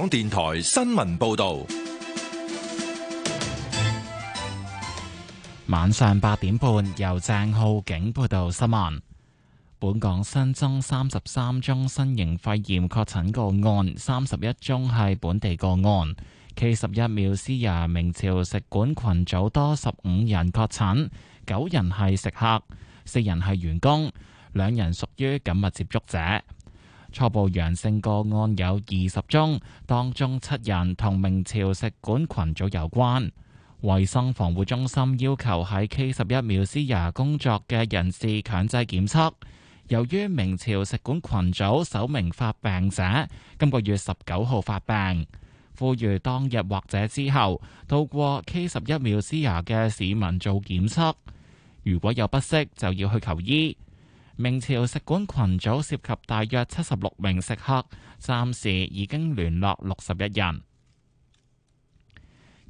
港電台新聞報道，晚上八點半由鄭浩景報道新聞。本港新增三十三宗新型肺炎確診個案，三十一宗係本地個案。K11 Musea 名潮食館群組多十五人確診，九人係食客，四人係員工，兩人屬於緊密接觸者。初步陽性個案有二十宗，當中七人同明朝食館群組有關。衛生防護中心要求喺 K11 Musea 工作嘅人士強制檢測。由於明朝食館群組首名發病者今個月十九號發病，呼籲當日或者之後到過 K11 Musea 嘅市民做檢測。如果有不適，就要去求醫。明朝食館群組涉及大約七十六名食客，暫時已經聯絡六十一人，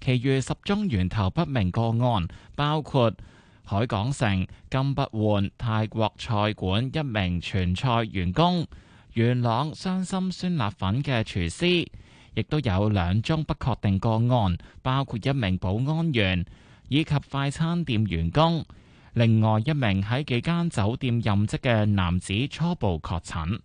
其餘十宗源頭不明個案，包括海港城、金不換、泰國菜館一名全菜員工、元朗傷心酸辣粉嘅廚師，亦都有兩宗不確定個案，包括一名保安員以及快餐店員工。另外一名喺幾間酒店任職嘅男子初步確診。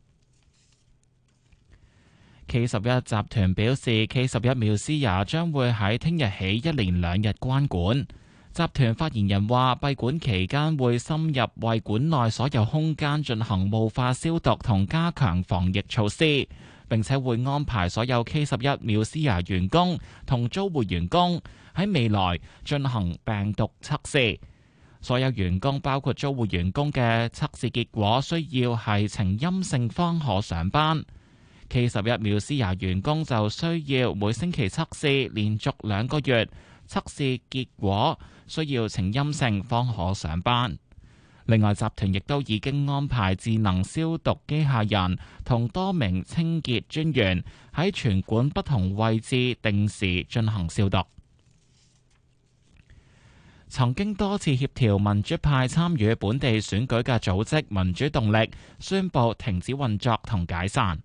K 十一集團表示，K 十一繆斯雅將會喺聽日起一連兩日關館。集團發言人話：閉館期間會深入為館內所有空間進行霧化消毒同加強防疫措施，並且會安排所有 K 十一繆斯雅員工同租戶員工喺未來進行病毒測試。所有員工包括租戶員工嘅測試結果需要係呈陰性方可上班。其十一秒斯也員工就需要每星期測試，連續兩個月測試結果需要呈陰性方可上班。另外，集團亦都已經安排智能消毒機械人同多名清潔專員喺全館不同位置定時進行消毒。曾經多次協調民主派參與本地選舉嘅組織民主動力，宣布停止運作同解散。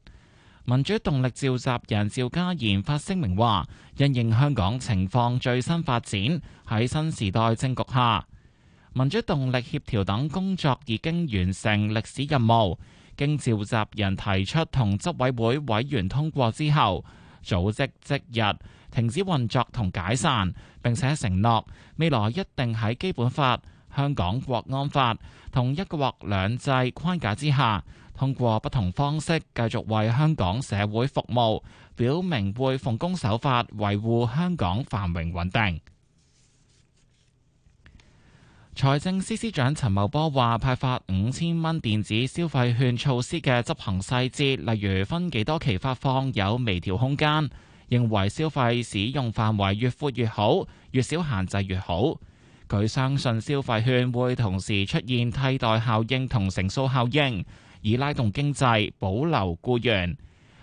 民主動力召集人趙家賢發聲明話，因應香港情況最新發展，喺新時代政局下，民主動力協調等工作已經完成歷史任務。經召集人提出同執委會委員通過之後，組織即日停止運作同解散，並且承諾未來一定喺基本法、香港國安法同一國兩制框架之下，通過不同方式繼續為香港社會服務，表明會奉公守法，維護香港繁榮穩定。財政司司長陳茂波話：派發五千蚊電子消費券措施嘅執行細節，例如分幾多期發放有微調空間。認為消費使用範圍越闊越好，越少限制越好。佢相信消費券會同時出現替代效應同乘數效應，以拉動經濟、保留僱員。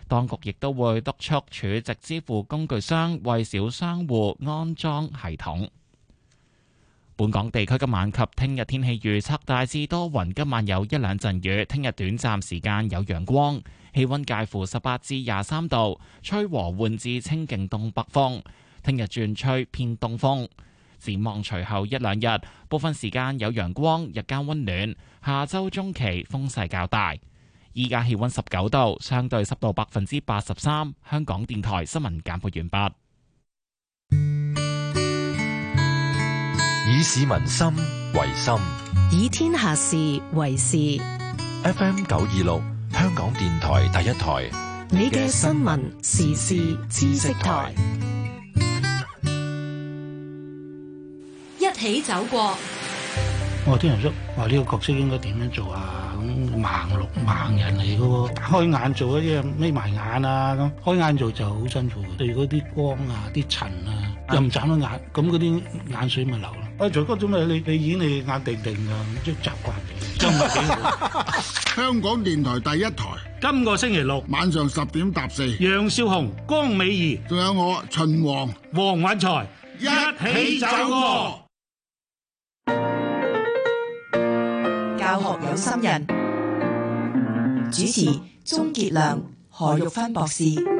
當局亦都會督促儲值支付工具商為小商戶安裝系統。本港地區今晚及聽日天氣預測大致多雲，今晚有一兩陣雨，聽日短暫時間有陽光，氣溫介乎十八至廿三度，吹和緩至清勁東北風，聽日轉吹偏東風。展望隨後一兩日，部分時間有陽光，日間溫暖。下周中期風勢較大。依家氣溫十九度，相對濕度百分之八十三。香港電台新聞簡報完畢。以市民心為心，以天下事為事。FM 九二六，香港電台第一台，你嘅新聞時事知識台，一起走過。我聽人叔，話呢個角色應該點樣做啊？咁盲碌盲人嚟噶喎，開眼做啊，即係眯埋眼啊，咁開眼做就好辛苦，對嗰啲光啊，啲塵啊。又唔眨到眼，咁嗰啲眼水咪流咯。喂、哎，徐哥，做咩？你你演你眼定定啊，即係習慣咗。真 香港電台第一台，今個星期六晚上十點，搭四。楊少雄、江美儀，仲有我秦王、黃允才，一起走。教學有心人，嗯、主持鍾杰良、何玉芬博,博士。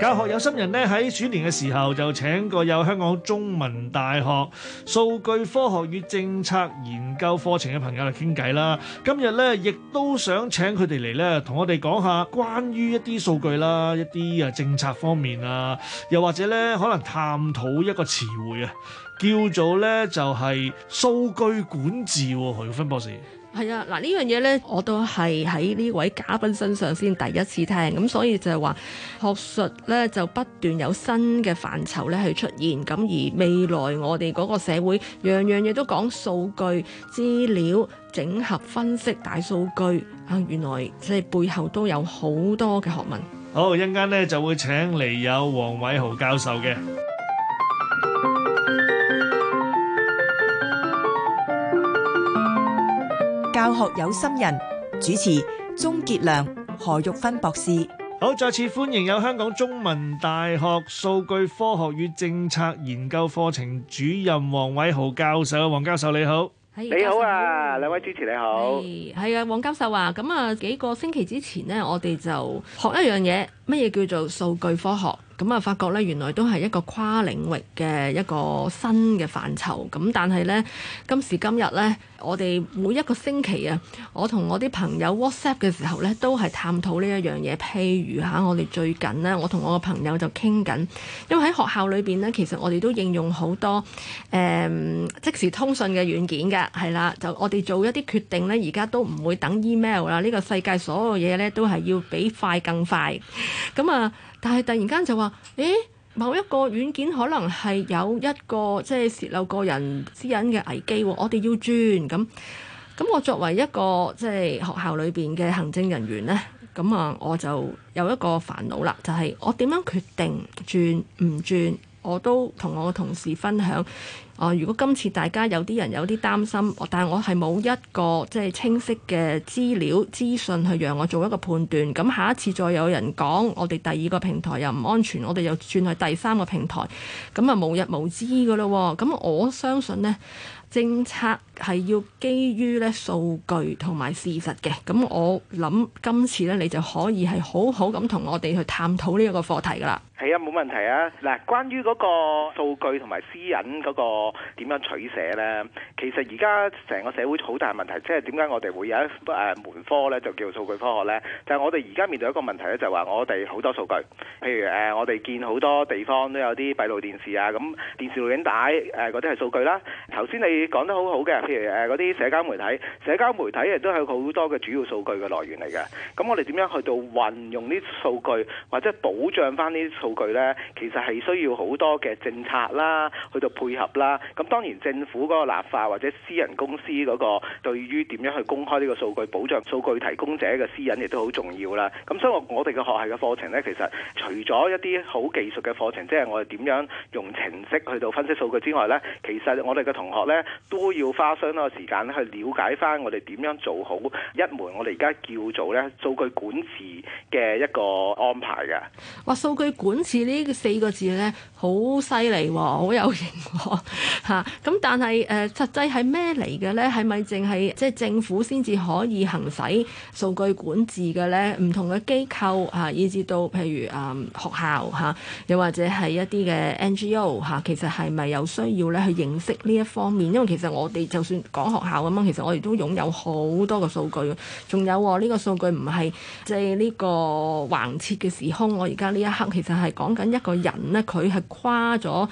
教學有心人咧，喺鼠年嘅時候就請過有香港中文大學數據科學與政策研究課程嘅朋友嚟傾偈啦。今日咧亦都想請佢哋嚟咧，同我哋講下關於一啲數據啦，一啲啊政策方面啊，又或者咧可能探討一個詞彙啊。叫做呢，就係數據管治喎，何玉芬博士。係啊，嗱呢樣嘢呢，我都係喺呢位嘉賓身上先第一次聽，咁所以就係話學術呢，就不斷有新嘅範疇呢去出現，咁而未來我哋嗰個社會樣樣嘢都講數據、資料整合、分析大數據啊，原來即係背後都有好多嘅學問。好，一陣間呢，就會請嚟有黃偉豪教授嘅。教學有心人主持鍾傑良、何玉芬博士。好，再次歡迎有香港中文大學數據科學與政策研究課程主任黃偉豪教授。黃教授你好，你好啊，兩位主持你好，係啊，黃教授話咁啊，幾個星期之前咧，我哋就學一樣嘢。乜嘢叫做數據科學？咁啊，我發覺呢，原來都係一個跨領域嘅一個新嘅範疇。咁但係呢，今時今日呢，我哋每一個星期啊，我同我啲朋友 WhatsApp 嘅時候呢，都係探討呢一樣嘢。譬如吓，我哋最近呢，我同我嘅朋友就傾緊，因為喺學校裏邊呢，其實我哋都應用好多誒、嗯、即時通訊嘅軟件㗎。係啦，就我哋做一啲決定呢，而家都唔會等 email 啦。呢、這個世界所有嘢呢，都係要比快更快。咁啊！但係突然間就話，誒、欸、某一個軟件可能係有一個即係、就是、洩漏個人私隱嘅危機，我哋要轉咁。咁我作為一個即係、就是、學校裏邊嘅行政人員呢，咁啊我就有一個煩惱啦，就係、是、我點樣決定轉唔轉？我都同我同事分享。哦，如果今次大家有啲人有啲擔心，但係我係冇一個即係清晰嘅資料資訊去讓我做一個判斷，咁下一次再有人講我哋第二個平台又唔安全，我哋又轉去第三個平台，咁啊無日無之噶咯。咁我相信咧，政策係要基於咧數據同埋事實嘅。咁我諗今次咧，你就可以係好好咁同我哋去探討呢一個課題噶啦。係啊，冇問題啊。嗱，關於嗰個數據同埋私隱嗰個。點樣取捨呢？其實而家成個社會好大問題，即係點解我哋會有一誒門科呢，就叫做數據科學呢？但係我哋而家面對一個問題呢，就係話我哋好多數據，譬如誒我哋見好多地方都有啲閉路電視啊，咁電視錄影帶誒嗰啲係數據啦。頭先你講得好好嘅，譬如誒嗰啲社交媒體，社交媒體亦都係好多嘅主要數據嘅來源嚟嘅。咁我哋點樣去到運用啲數據，或者保障返啲數據呢？其實係需要好多嘅政策啦，去到配合啦。咁當然政府嗰個立法或者私人公司嗰個對於點樣去公開呢個數據，保障數據提供者嘅私隱亦都好重要啦。咁所以我哋嘅學系嘅課程呢，其實除咗一啲好技術嘅課程，即係我哋點樣用程式去到分析數據之外呢，其實我哋嘅同學呢都要花相當嘅時間去了解翻我哋點樣做好一門我哋而家叫做咧數據管治嘅一個安排嘅。哇！數據管治呢四個字呢，好犀利喎，好有型喎！嚇！咁、啊、但係誒、呃、實際係咩嚟嘅咧？係咪淨係即係政府先至可以行使數據管治嘅咧？唔同嘅機構嚇、啊，以至到譬如誒、嗯、學校嚇，又、啊、或者係一啲嘅 NGO 嚇、啊，其實係咪有需要咧去認識呢一方面？因為其實我哋就算講學校咁樣，其實我哋都擁有好多個數據。仲有喎、哦，呢、這個數據唔係即係呢個橫切嘅時空。我而家呢一刻其實係講緊一個人咧，佢係跨咗，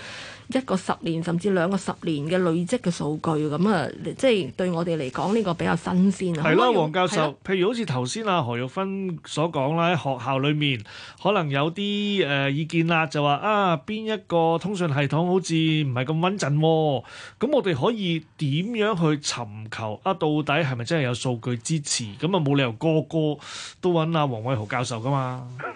一個十年甚至兩個十年嘅累積嘅數據咁啊，即係對我哋嚟講呢個比較新鮮啊。係啦的，可可黃教授，是的 譬如好似頭先阿何玉芬所講啦，喺學校裏面可能有啲誒、呃、意見啦，就話啊邊一個通訊系統好似唔係咁穩陣喎。咁我哋可以點樣去尋求啊？到底係咪真係有數據支持？咁啊冇理由個個，個都揾阿黃偉豪教授㗎嘛。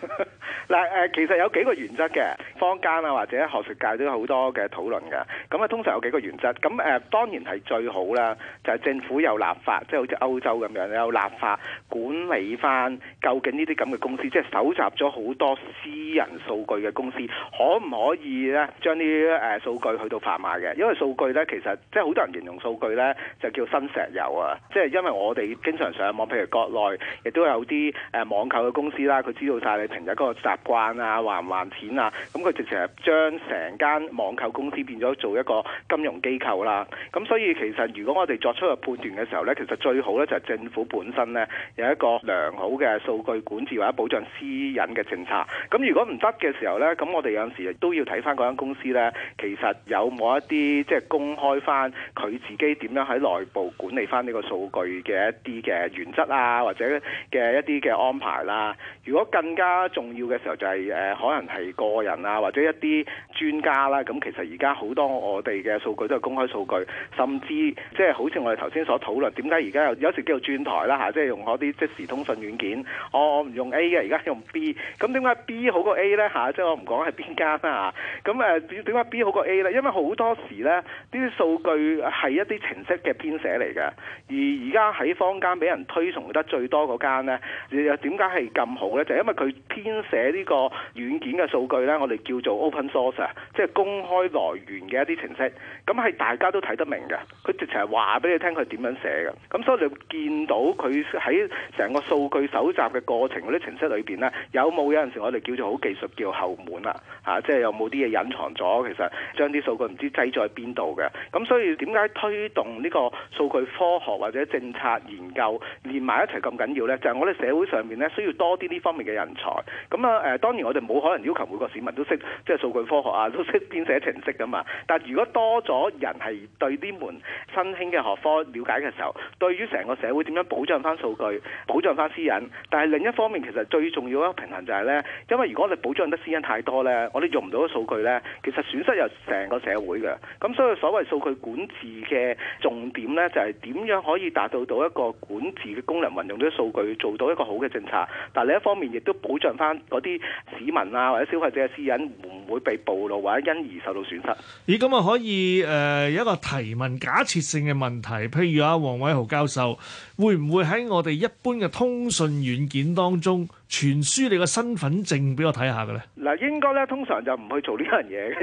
嗱誒，其實有幾個原則嘅，坊間啊或者學術界都有好多嘅討論嘅。咁啊，通常有幾個原則。咁誒，當然係最好啦，就係、是、政府有立法，即、就、係、是、好似歐洲咁樣有立法管理翻，究竟呢啲咁嘅公司，即、就、係、是、搜集咗好多私人數據嘅公司，可唔可以咧將啲誒數據去到販賣嘅？因為數據咧其實即係好多人形容數據咧就叫新石油啊！即、就、係、是、因為我哋經常上網，譬如國內亦都有啲誒網購嘅公司啦，佢知道晒你平日嗰、那個習慣啊，還唔還錢啊？咁佢直情係將成間網購公司變咗做一個金融機構啦。咁所以其實如果我哋作出個判斷嘅時候呢，其實最好呢就係政府本身呢有一個良好嘅數據管治或者保障私隱嘅政策。咁如果唔得嘅時候呢，咁我哋有陣時都要睇翻嗰間公司呢，其實有冇一啲即係公開翻佢自己點樣喺內部管理翻呢個數據嘅一啲嘅原則啊，或者嘅一啲嘅安排啦、啊。如果更加重要。嘅時候就係、是、誒、呃、可能係個人啊，或者一啲專家啦。咁、啊、其實而家好多我哋嘅數據都係公開數據，甚至即係好似我哋頭先所討論點解而家有時叫轉台啦吓、啊，即係用嗰啲即時通訊軟件。哦、我我唔用 A 嘅，而家用 B, B。咁點解 B 好過 A 咧？吓，即係我唔講係邊間啦吓，咁誒點點解 B 好過 A 咧？因為好多時咧，啲數據係一啲程式嘅編寫嚟嘅。而而家喺坊間俾人推崇得最多嗰間咧，又點解係咁好咧？就是、因為佢編寫。喺呢個軟件嘅數據呢，我哋叫做 open source，即係公開來源嘅一啲程式，咁係大家都睇得明嘅。佢直情係話俾你聽佢點樣寫嘅，咁所以就見到佢喺成個數據搜集嘅過程嗰啲程式裏邊呢，有冇有陣時我哋叫做好技術叫後門啦，嚇、啊，即係有冇啲嘢隱藏咗？其實將啲數據唔知咗喺邊度嘅，咁所以點解推動呢個數據科學或者政策研究連埋一齊咁緊要呢？就係、是、我哋社會上面呢，需要多啲呢方面嘅人才咁。咁啊、嗯、當然我哋冇可能要求每個市民都識即係數據科學啊，都識編寫程式噶嘛。但如果多咗人係對呢門新興嘅學科了解嘅時候，對於成個社會點樣保障翻數據、保障翻私隱。但係另一方面，其實最重要一個平衡就係、是、呢：因為如果你保障得私隱太多呢，我哋用唔到嘅數據呢，其實損失又成個社會嘅。咁所以所謂數據管治嘅重點呢，就係、是、點樣可以達到到一個管治嘅功能，運用啲數據做到一個好嘅政策。但係另一方面，亦都保障翻嗰啲市民啊，或者消費者嘅私隱會唔會被暴露，或者因而受到損失？咦，咁啊可以誒、呃、有一個提問假設性嘅問題，譬如啊，黃偉豪教授會唔會喺我哋一般嘅通訊軟件當中？傳輸你個身份證俾我睇下嘅咧？嗱，應該咧通常就唔去做呢樣嘢嘅，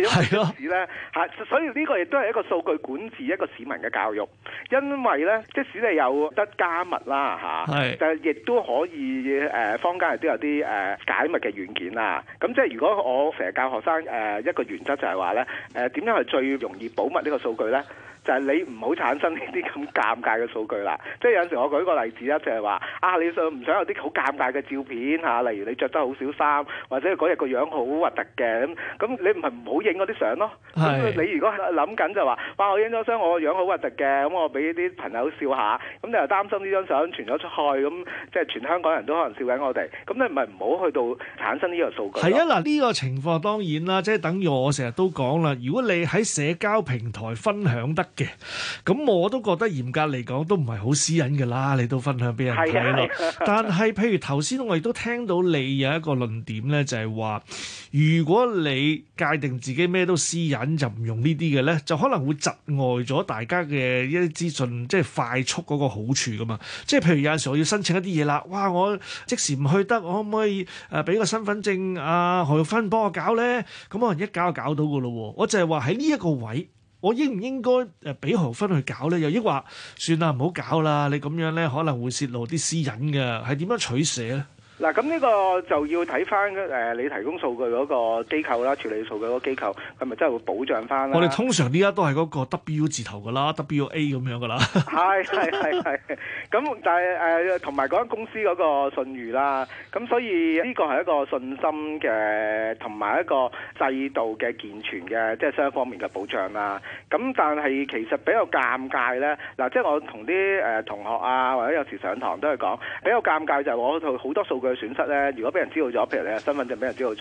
因為咧嚇， 所以呢個亦都係一個數據管治、一個市民嘅教育，因為咧即使你有得加密啦嚇，就係亦都可以誒、呃，坊間亦都有啲誒、呃、解密嘅軟件啦。咁、啊、即係如果我成日教學生誒、呃、一個原則就係話咧誒點樣係最容易保密呢個數據咧？但係你唔好產生呢啲咁尷尬嘅數據啦，即係有陣時我舉個例子啦，就係話啊，你想唔想有啲好尷尬嘅照片嚇？例如你着得好少衫，或者嗰日個樣好核突嘅咁，咁你唔係唔好影嗰啲相咯。咁你如果諗緊就話哇，我影咗相，我個樣好核突嘅，咁我俾啲朋友笑下，咁你又擔心呢張相傳咗出去，咁即係全香港人都可能笑緊我哋，咁你唔係唔好去到產生呢個數據。係啊，嗱呢個情況當然啦，即係等於我成日都講啦，如果你喺社交平台分享得。嘅，咁我都覺得嚴格嚟講都唔係好私隱嘅啦，你都分享俾人睇咯。 但係譬如頭先我亦都聽到你有一個論點咧，就係話，如果你界定自己咩都私隱就唔用呢啲嘅咧，就可能會窒礙咗大家嘅一啲資訊，即係快速嗰個好處噶嘛。即係譬如有陣時我要申請一啲嘢啦，哇！我即時唔去得，我可唔可以誒俾個身份證啊，何玉芬幫我搞咧？咁可能一搞就搞到噶咯喎。我就係話喺呢一個位。我應唔應該誒俾何芬去搞咧？又抑話算啦，唔好搞啦。你咁樣咧可能會泄露啲私隱㗎，係點樣取捨咧？嗱，咁呢個就要睇翻誒，你提供數據嗰個機構啦，處理數據嗰機構，構，佢咪真係會保障翻咧？我哋，啊、通常呢家都係嗰個 W 字頭噶啦，W A 咁樣噶啦。係係係係，咁但係誒同埋間公司嗰個信譽啦，咁所以呢個係一個信心嘅同埋一個制度嘅健全嘅，即係雙方面嘅保障啦。咁但係其實比較尷尬咧，嗱，呃，即係我同啲誒同學啊，或者有時上堂都係講比較尷尬就係我好多數據。嘅損失咧，如果俾人知道咗，譬如你嘅身份證俾人知道咗，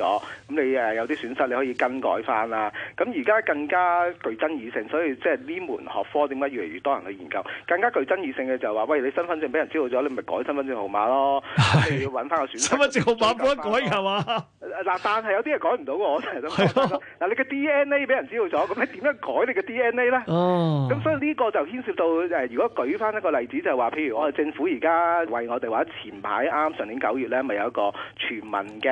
咁你誒有啲損失你可以更改翻啦。咁而家更加具爭議性，所以即係呢門學科點解越嚟越多人去研究？更加具爭議性嘅就係話：喂，你身份證俾人知道咗，你咪改身份證號碼咯。你要揾翻個損失身份證號碼唔改係嘛？嗱，但係有啲嘢改唔到喎，真係咁講。嗱，你嘅 DNA 俾人知道咗，咁你點樣改你嘅 DNA 咧？哦。咁所以呢個就牽涉到誒，如果舉翻一個例子，就係話，譬如我哋政府而家為我哋或者前排啱上年九月咧。咁咪有一個全民嘅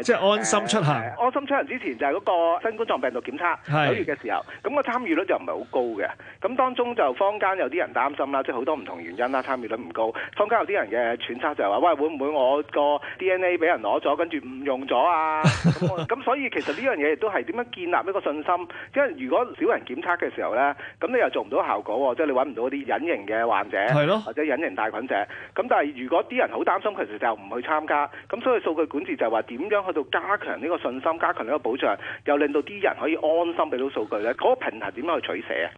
誒，即係安心出行。安心出行之前就係嗰個新冠狀病毒檢測九月嘅時候，咁個參與率就唔係好高嘅。咁當中就坊間有啲人擔心啦，即係好多唔同原因啦，參與率唔高。坊間有啲人嘅揣測就係話，喂，會唔會我個 DNA 俾人攞咗，跟住唔用咗啊？咁咁，所以其實呢樣嘢亦都係點樣建立一個信心？因為如果少人檢測嘅時候咧，咁你又做唔到效果，即係你揾唔到啲隱形嘅患者，係咯，或者隱形帶菌者。咁但係如果啲人好擔心，其實就唔去。參加。咁，所以數據管治就係話點樣去到加強呢個信心，加強呢個保障，又令到啲人可以安心俾到數據咧。嗰個平台點樣去取捨啊？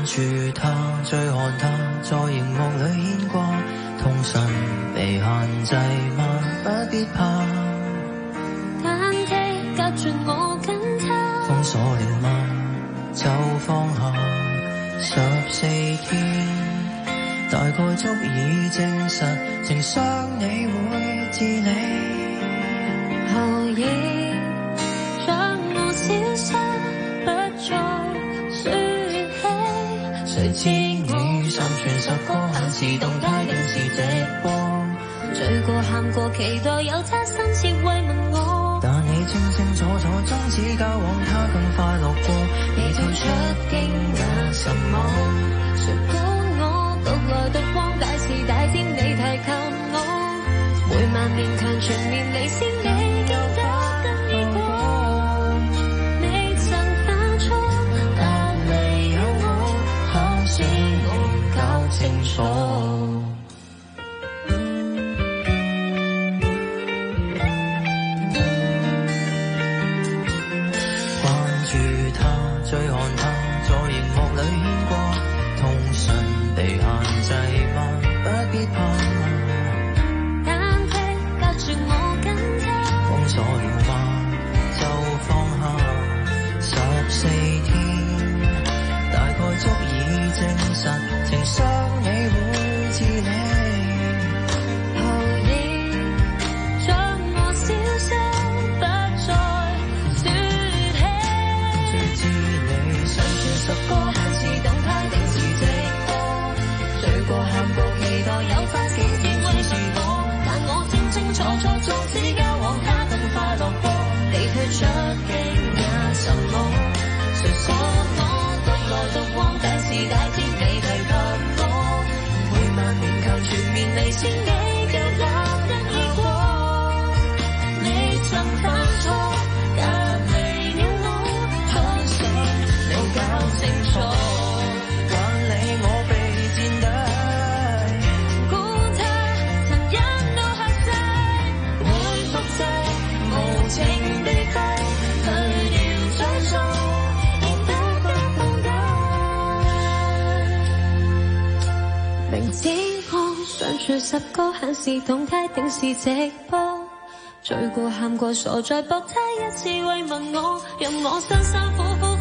跟住他，追看他，在螢幕裏牽掛。通訊被限制嗎？不必怕。單機隔住我跟他。 封鎖了嗎？就放下。十四天，大概足以證實情傷你會治理。何以 千語三傳十個，看時動態定時直播。醉過，過、喊過，期待有他深切慰問我。但你清清楚楚終止交往，他更快樂過，你就出驚人神魔。誰管我獨來獨往，大事大天你提及我，每晚勉強全面你先美。數十個限時動態，定時直播，醉過、喊過、傻在搏他一次慰問我，任我辛辛苦苦。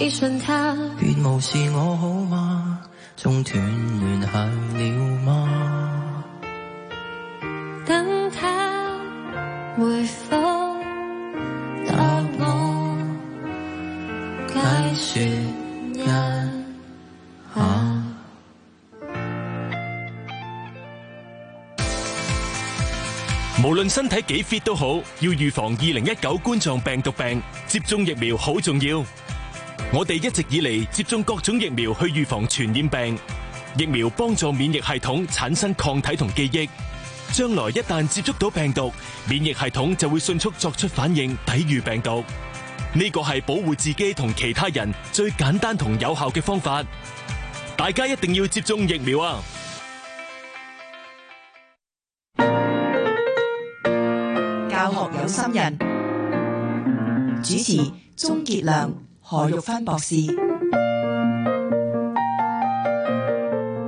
寄信他，別無視我好嗎？中斷聯繫了嗎？等他回覆答我，解説一下。啊、無論身體幾 fit 都好，要預防二零一九冠狀病毒病，接種疫苗好重要。我哋一直以嚟接種各種疫苗去預防傳染病，疫苗幫助免疫系統產生抗體同記憶。將來一旦接觸到病毒，免疫系統就會迅速作出反應，抵禦病毒。呢個係保護自己同其他人最簡單同有效嘅方法。大家一定要接種疫苗啊！教學有心人，主持鍾傑良。何玉芬博士，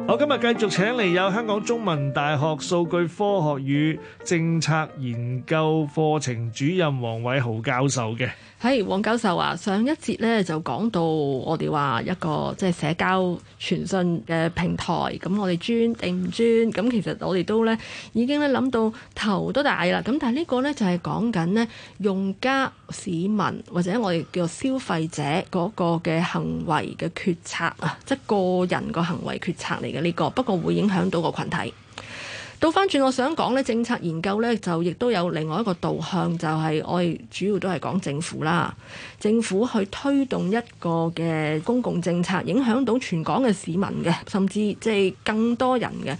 我今日繼續請嚟，有香港中文大學數據科學與政策研究課程主任黃偉豪教授嘅。喺黃，hey，教授啊，上一節咧就講到我哋話一個即係、就是、社交傳訊嘅平台，咁我哋專定唔專？咁，其實我哋都咧已經咧諗到頭都大啦。咁但係呢個咧就係講緊咧用家市民或者我哋叫做消費者嗰個嘅行為嘅決策啊，即係個人個行為決策嚟嘅呢個，不過會影響到個群體。倒翻轉，我想講咧，政策研究咧就亦都有另外一個導向，就係我哋主要都係講政府啦，政府去推動一個嘅公共政策，影響到全港嘅市民嘅，甚至即係更多人嘅。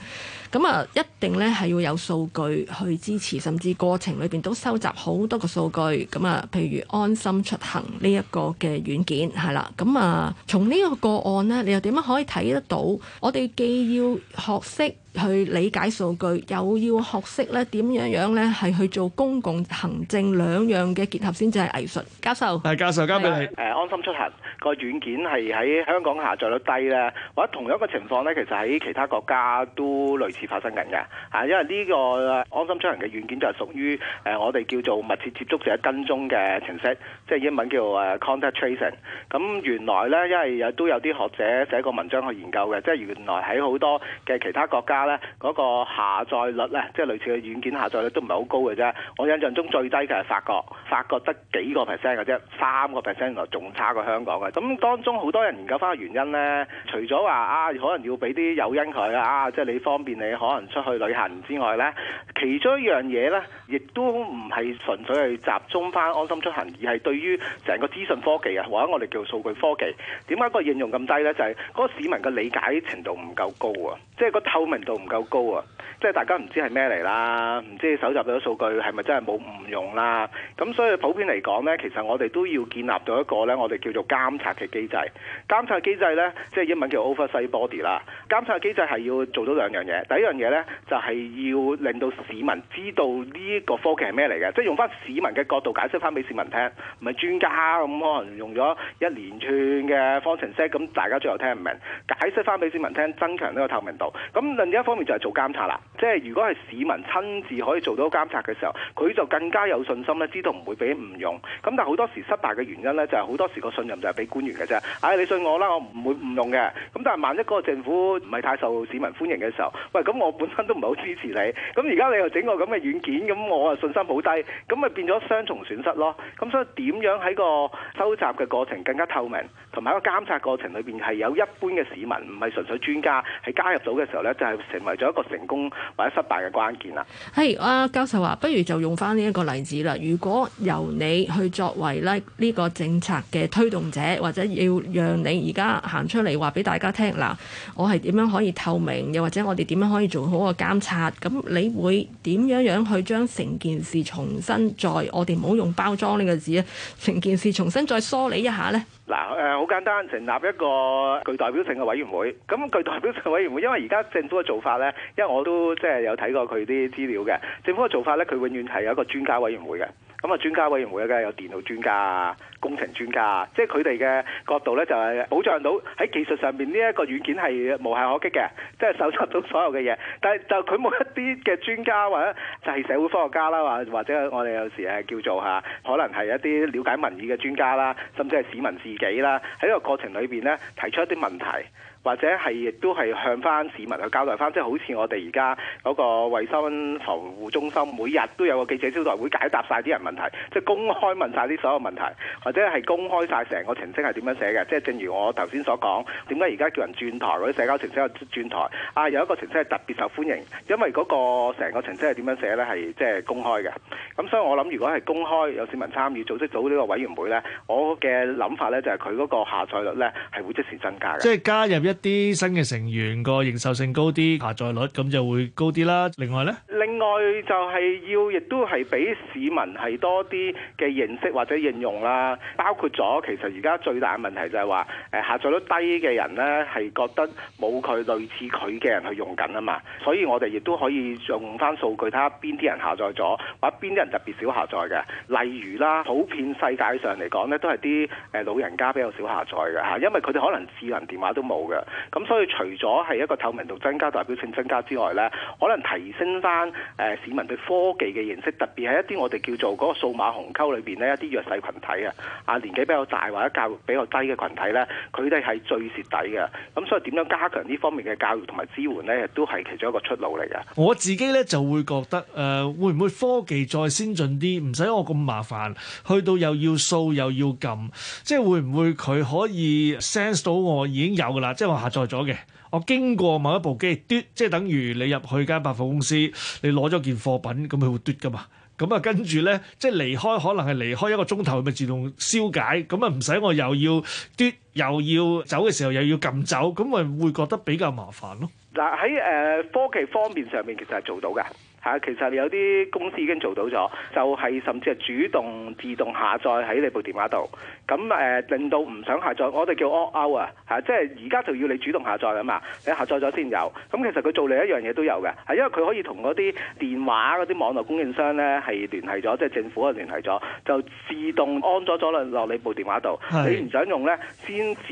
咁啊，一定咧係要有數據去支持，甚至過程裏邊都收集好多個數據。咁啊，譬如安心出行呢一個嘅軟件係啦，咁啊，從呢個個案呢，你又點樣可以睇得到？我哋既要學識。去理解數據，又要學識咧點樣樣咧係去做公共行政，兩樣嘅結合先至係藝術。教授，係教授，交俾你。誒安心出行個軟件係喺香港下載率低咧，或者同樣個情況咧，其實喺其他國家都類似發生緊嘅。嚇，因為呢個安心出行嘅軟件就係屬於誒我哋叫做密切接觸者跟蹤嘅程式。即係英文叫誒 contact tracing。咁原來咧，因為有都有啲學者寫個文章去研究嘅，即係原來喺好多嘅其他國家咧，嗰個下載率咧，即係類似嘅軟件下載率都唔係好高嘅啫。我印象中最低嘅係法國，法國得幾個 percent 嘅啫，三個 percent，仲差過香港嘅。咁當中好多人研究翻個原因咧，除咗話啊，可能要俾啲誘因佢啊，即係你方便你可能出去旅行之外咧，其中一樣嘢咧，亦都唔係純粹係集中翻安心出行，而係對。於成個資訊科技啊，或者我哋叫數據科技，點解個應用咁低呢？就係嗰個市民嘅理解程度唔夠高啊，即係個透明度唔夠高啊，即係大家唔知係咩嚟啦，唔知你搜集咗數據係咪真係冇誤用啦？咁所以普遍嚟講呢，其實我哋都要建立到一個呢，我哋叫做監察嘅機制。監察機制呢，即係英文叫 oversight body 啦。監察機制係要做到兩樣嘢，第一樣嘢呢，就係要令到市民知道呢個科技係咩嚟嘅，即係用翻市民嘅角度解釋翻俾市民聽。專家咁可能用咗一連串嘅方程式，咁大家最後聽唔明，解釋返俾市民聽，增強呢個透明度。咁另一方面就係做監察啦，即係如果係市民親自可以做到監察嘅時候，佢就更加有信心咧，知道唔會俾誤用。咁但係好多時失敗嘅原因呢，就係好多時個信任就係俾官員嘅啫。唉、哎，你信我啦，我唔會誤用嘅。咁但係萬一嗰個政府唔係太受市民歡迎嘅時候，喂，咁我本身都唔係好支持你。咁而家你又整個咁嘅軟件，咁我啊信心好低，咁咪變咗雙重損失咯。咁所以點？噉樣喺個收集嘅過程更加透明，同埋喺個監察過程裏邊係有一般嘅市民，唔係純粹專家喺加入到嘅時候呢，就係、是、成為咗一個成功或者失敗嘅關鍵啦。係、hey，啊，教授話、啊，不如就用翻呢一個例子啦。如果由你去作為呢個政策嘅推動者，或者要讓你而家行出嚟話俾大家聽嗱，我係點樣可以透明，又或者我哋點樣可以做好個監察，咁你會點樣樣去將成件事重新再——我哋唔好用包裝呢個字成件事重新再梳理一下咧，嗱，誒好簡單，成立一個具代表性嘅委員會。咁具代表性委員會，因為而家政府嘅做法咧，因為我都即係有睇過佢啲資料嘅，政府嘅做法咧，佢永遠係有一個專家委員會嘅。咁啊，專家委員會咧，梗係有電腦專家啊。工程專家，即係佢哋嘅角度呢，就係保障到喺技術上面呢一個軟件係無懈可擊嘅，即係搜集到所有嘅嘢。但係就佢冇一啲嘅專家或者就係社會科學家啦，或或者我哋有時係叫做嚇，可能係一啲了解民意嘅專家啦，甚至係市民自己啦，喺呢個過程裏邊呢，提出一啲問題，或者係亦都係向翻市民去交代翻，即係好似我哋而家嗰個衞生防護中心，每日都有個記者招待會解答晒啲人問題，即係公開問晒啲所有問題。或者係公開晒成個程式係點樣寫嘅，即係正如我頭先所講，點解而家叫人轉台嗰啲社交程式轉台？啊，有一個程式係特別受歡迎，因為嗰個成個程式係點樣寫呢？係即係公開嘅。咁所以我諗，如果係公開，有市民參與組織組呢個委員會呢，我嘅諗法呢，就係佢嗰個下載率呢係會即時增加嘅。即係加入一啲新嘅成員，個認受性高啲，下載率咁就會高啲啦。另外呢，另外就係要，亦都係俾市民係多啲嘅認識或者應用啦。包括咗，其實而家最大嘅問題就係話，誒下載率低嘅人咧，係覺得冇佢類似佢嘅人去用緊啊嘛，所以我哋亦都可以用翻數據睇下邊啲人下載咗，或者邊啲人特別少下載嘅。例如啦，普遍世界上嚟講咧，都係啲誒老人家比較少下載嘅嚇，因為佢哋可能智能電話都冇嘅。咁所以除咗係一個透明度增加、代表性增加之外咧，可能提升翻誒市民對科技嘅認識，特別係一啲我哋叫做嗰個數碼鴻溝裏邊咧一啲弱勢群體啊。啊，年紀比較大或者教育比較低嘅群體咧，佢哋係最蝕底嘅。咁所以點樣加強呢方面嘅教育同埋支援咧，都係其中一個出路嚟嘅。我自己咧就會覺得，誒、呃，會唔會科技再先進啲，唔使我咁麻煩，去到又要掃又要撳，即係會唔會佢可以 sense 到我已經有㗎啦？即係我下載咗嘅，我經過某一部機，嘟，即係等於你入去間百貨公司，你攞咗件貨品，咁佢會嘟㗎嘛？咁啊，跟住咧，即係離開，可能係離開一個鐘頭，咪自動消解，咁啊，唔使我又要嘟，又要走嘅時候又要撳走，咁咪會覺得比較麻煩咯。嗱，喺誒科技方面上面，其實係做到嘅。嚇，其實有啲公司已經做到咗，就係、是、甚至係主動自動下載喺你部電話度，咁誒、呃、令到唔想下載，我哋叫惡勾啊嚇、啊，即係而家就要你主動下載啊嘛，你下載咗先有。咁、啊、其實佢做另一樣嘢都有嘅，係、啊、因為佢可以同嗰啲電話嗰啲網絡供應商咧係聯繫咗，即係政府啊聯繫咗，就自動安咗咗落你部電話度，是你唔想用咧先至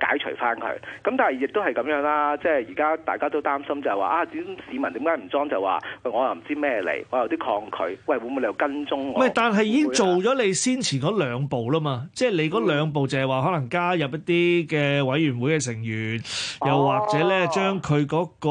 解除翻佢。咁、啊、但係亦都係咁樣啦，即係而家大家都擔心就係話啊市民點解唔裝就話我唔知咩嚟，我有啲抗拒。喂，會唔會你又跟蹤我？唔係，但係已經做咗你先前嗰兩步啦嘛。即係你嗰兩步就係話可能加入一啲嘅委員會嘅成員，又或者咧將佢嗰個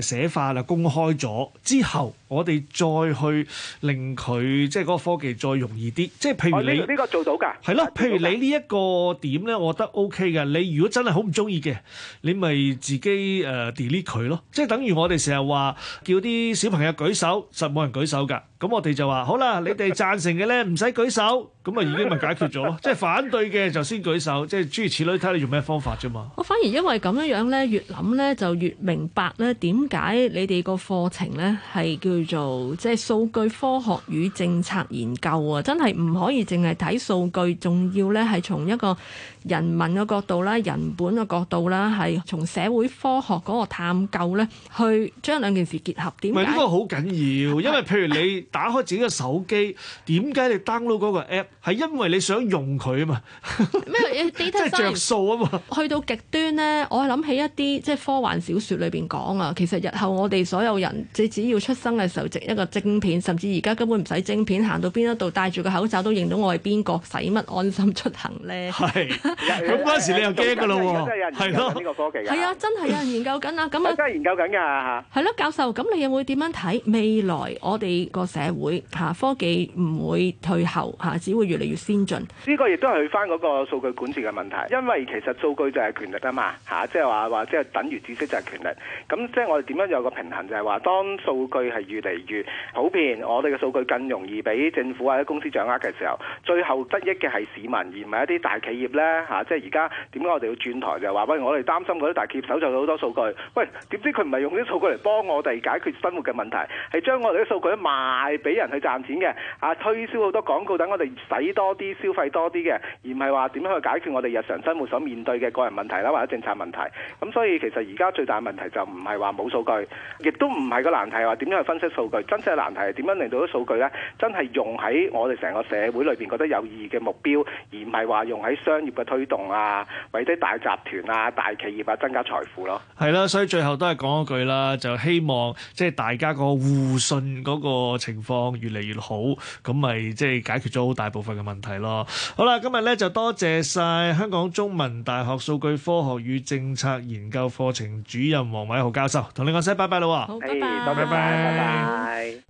誒寫法啊公開咗之後，我哋再去令佢即係嗰個科技再容易啲。即係譬如你呢、哦這個這個做到㗎，係咯了。譬如你呢一個點咧，我覺得 OK 嘅。你如果真係好唔中意嘅，你咪自己誒、uh, delete 佢咯。即係等於我哋成日話叫啲小朋友舉手。實冇人舉手噶。咁我哋就話好啦，你哋贊成嘅咧唔使舉手，咁啊已經咪解決咗咯。即係反對嘅就先舉手，即係諸如此類，睇你用咩方法啫嘛。我反而因為咁樣樣咧，越諗咧就越明白咧，點解你哋個課程咧係叫做即係數據科學與政策研究啊？真係唔可以淨係睇數據，仲要咧係從一個人民嘅角度啦、人本嘅角度啦，係從社會科學嗰個探究咧，去將兩件事結合。點解呢個好緊要，因為譬如你。打開自己嘅手機，點解你 download 嗰個 app 係因為你想用佢啊嘛？咩？ 即係著數啊嘛？去到極端咧，我係諗起一啲即係科幻小説裏邊講啊。其實日後我哋所有人，即只要出生嘅時候，植一個晶片，甚至而家根本唔使晶片，行到邊一度戴住個口罩都認到我係邊個，使乜安心出行咧？係咁嗰時你又驚㗎啦喎？係咯，個科技啊，係啊，真係有人研究緊開玩笑啊！咁啊，真係研究緊㗎嚇。係咯，教授，咁你又會點樣睇未來我哋個社？會科技唔會退後吓，只會越嚟越先進。呢個亦都係去翻嗰個數據管治嘅問題，因為其實數據就係權力啊嘛吓，即係話話即係等於知識就係權力。咁即係我哋點樣有個平衡，就係話當數據係越嚟越普遍，我哋嘅數據更容易俾政府或者公司掌握嘅時候，最後得益嘅係市民，而唔係一啲大企業呢。吓、啊。即係而家點解我哋要轉台就係話，喂，我哋擔心嗰啲大企業搜集到好多數據，喂，點知佢唔係用啲數據嚟幫我哋解決生活嘅問題，係將我哋啲數據一係俾人去賺錢嘅，啊，推銷好多廣告，等我哋使多啲消費多啲嘅，而唔係話點樣去解決我哋日常生活所面對嘅個人問題啦，或者政策問題。咁所以其實而家最大問題就唔係話冇數據，亦都唔係個難題，話點樣去分析數據。真正嘅難題係點樣令到啲數據呢，真係用喺我哋成個社會裏邊覺得有意義嘅目標，而唔係話用喺商業嘅推動啊，或者大集團啊、大企業啊增加財富咯。係啦，所以最後都係講一句啦，就希望即係大家個互信嗰個情情況越嚟越好，咁咪即係解決咗好大部分嘅問題咯。好啦，今日咧就多謝晒香港中文大學數據科學與政策研究課程主任黃偉豪教授，同你講聲拜拜啦。好，拜拜，多謝，拜拜。